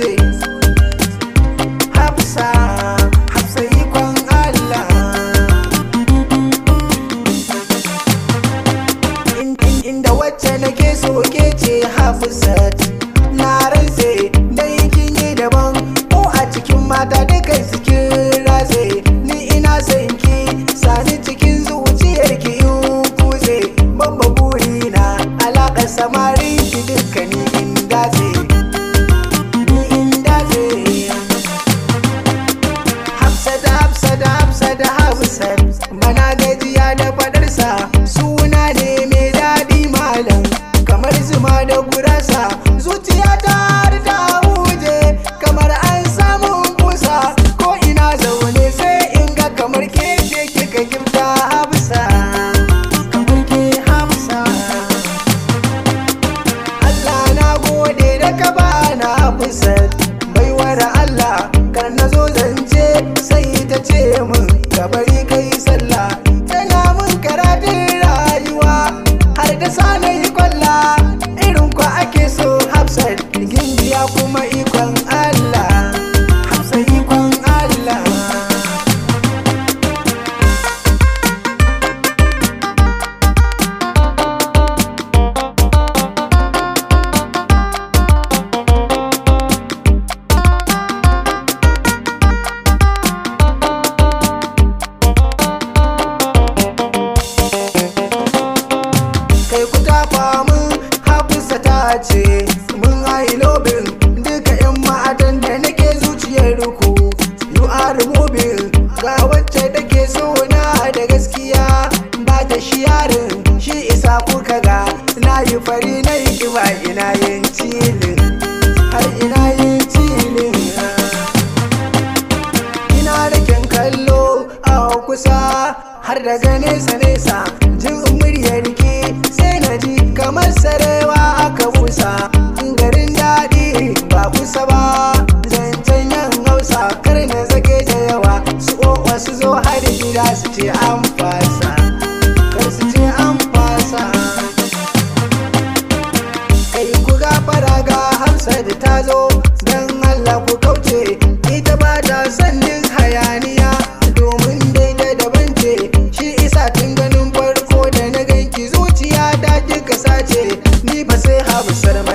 hafse hafsa hafsa ikon Allah inda wacce nake so ke ce hafsat na rantse dai kin yi daban ko a cikin mata daga cikin ratse ni ina sanki sani cikin zuciyar ki yi kuse bamba burina alaƙar samari ki dukkani da hausa mana gajiya da fadarsa sallah tana mun karatun rayuwa har da sanayi kai ku tafa mun hafisa ta ce mun hayi lobin duka yan ma'adan da nake zuciyar ruku you are moving ga wacce take so na da gaskiya ba ta shi yarin shi isa kuka ga na yi fari na yi kiba ina yin cilin har ina yin cilin ina da kallo a kusa har daga nesa nesa jin muryar ki sai na ji kamar sarewa aka busa garin daɗi ba kusa ba zancen yan hausa kar na zage da yawa su ƙoƙwa su zo har gida su ce an fasa kai ku ga da ta zo don allah ku kauce ita ba ta sannin hayaniya Said I'm